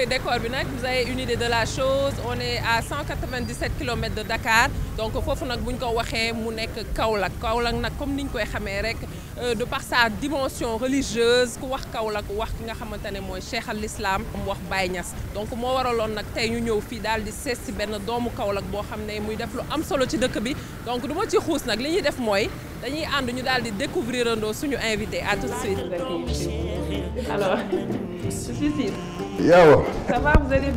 gisee décor bi nag vous avez une idée de la chose on est à 197 kilomètres de Dakar donc foofu nag bu ñu ko waxee mu nekk Kaolack Kaolack nag comme ni ñu koy xamee rek euh, de par sa dimension religieuse ku wax Kaolack wax ki nga xamante ne mooy Cheikh al Islam mu wax Baye ñas donc moo waraloon nag tey ñu ñëw fii daal di sees si benn doomu Kaolack boo xam ne muy def lu am solo ci dëkk bi donc du ma ci xuus nag li ñuy def mooy. dañuy ànd ñu daal di suñu invité à tout suite. alors Cissy. Yawa.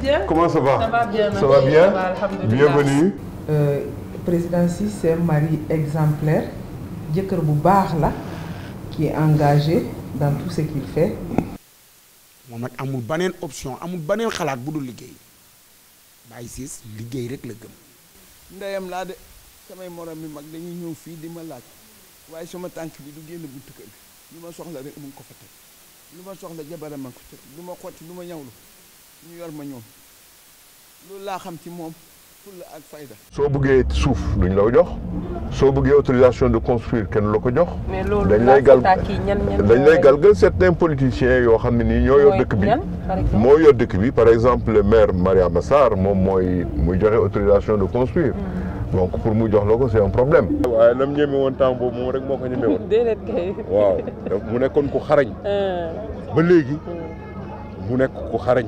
bien. comment ça va bien ça va bien. bienvenue. Euh, président Cissé c'est un exemplaire jëkkër bu baax la qui est dans tout ce qu'il fait. moom nag amul beneen option amul beneen xalaat bu dul liggéey Baye Ciss liggéey rek la gëm. ndeyam laa de samay morom mi mag dañuy ñëw fii di ma laaj. waaye suma tànk bi du génn buntu kër lu ma soxla rek mu ngi ko fa lu ma soxla jabaram ma ko teg lu ma xotti lu ma ñawlu ñu yor ma ñoom loolu laa xam ci moom fulla ak fayda. soo bëggee suuf duñ la jox soo buggee autorisation de construire kenn la ko jox. dañ lay gal dañ lay galgal certains yoo xam ne nii ñoo yor dëkk bi moo yor dëkk bi par exemple le maire Mariama Sarr moom mooy muy joxe autorisation de construire. Mm. donc pour mu jox la ko c' est un problème. waaye nam ñeme woon temps boobu moom rek moo ko ñeme woon. déedéet waaw mu nekkoon ku xarañ. Ah. ba léegi hmm. mu nekk ku xareñ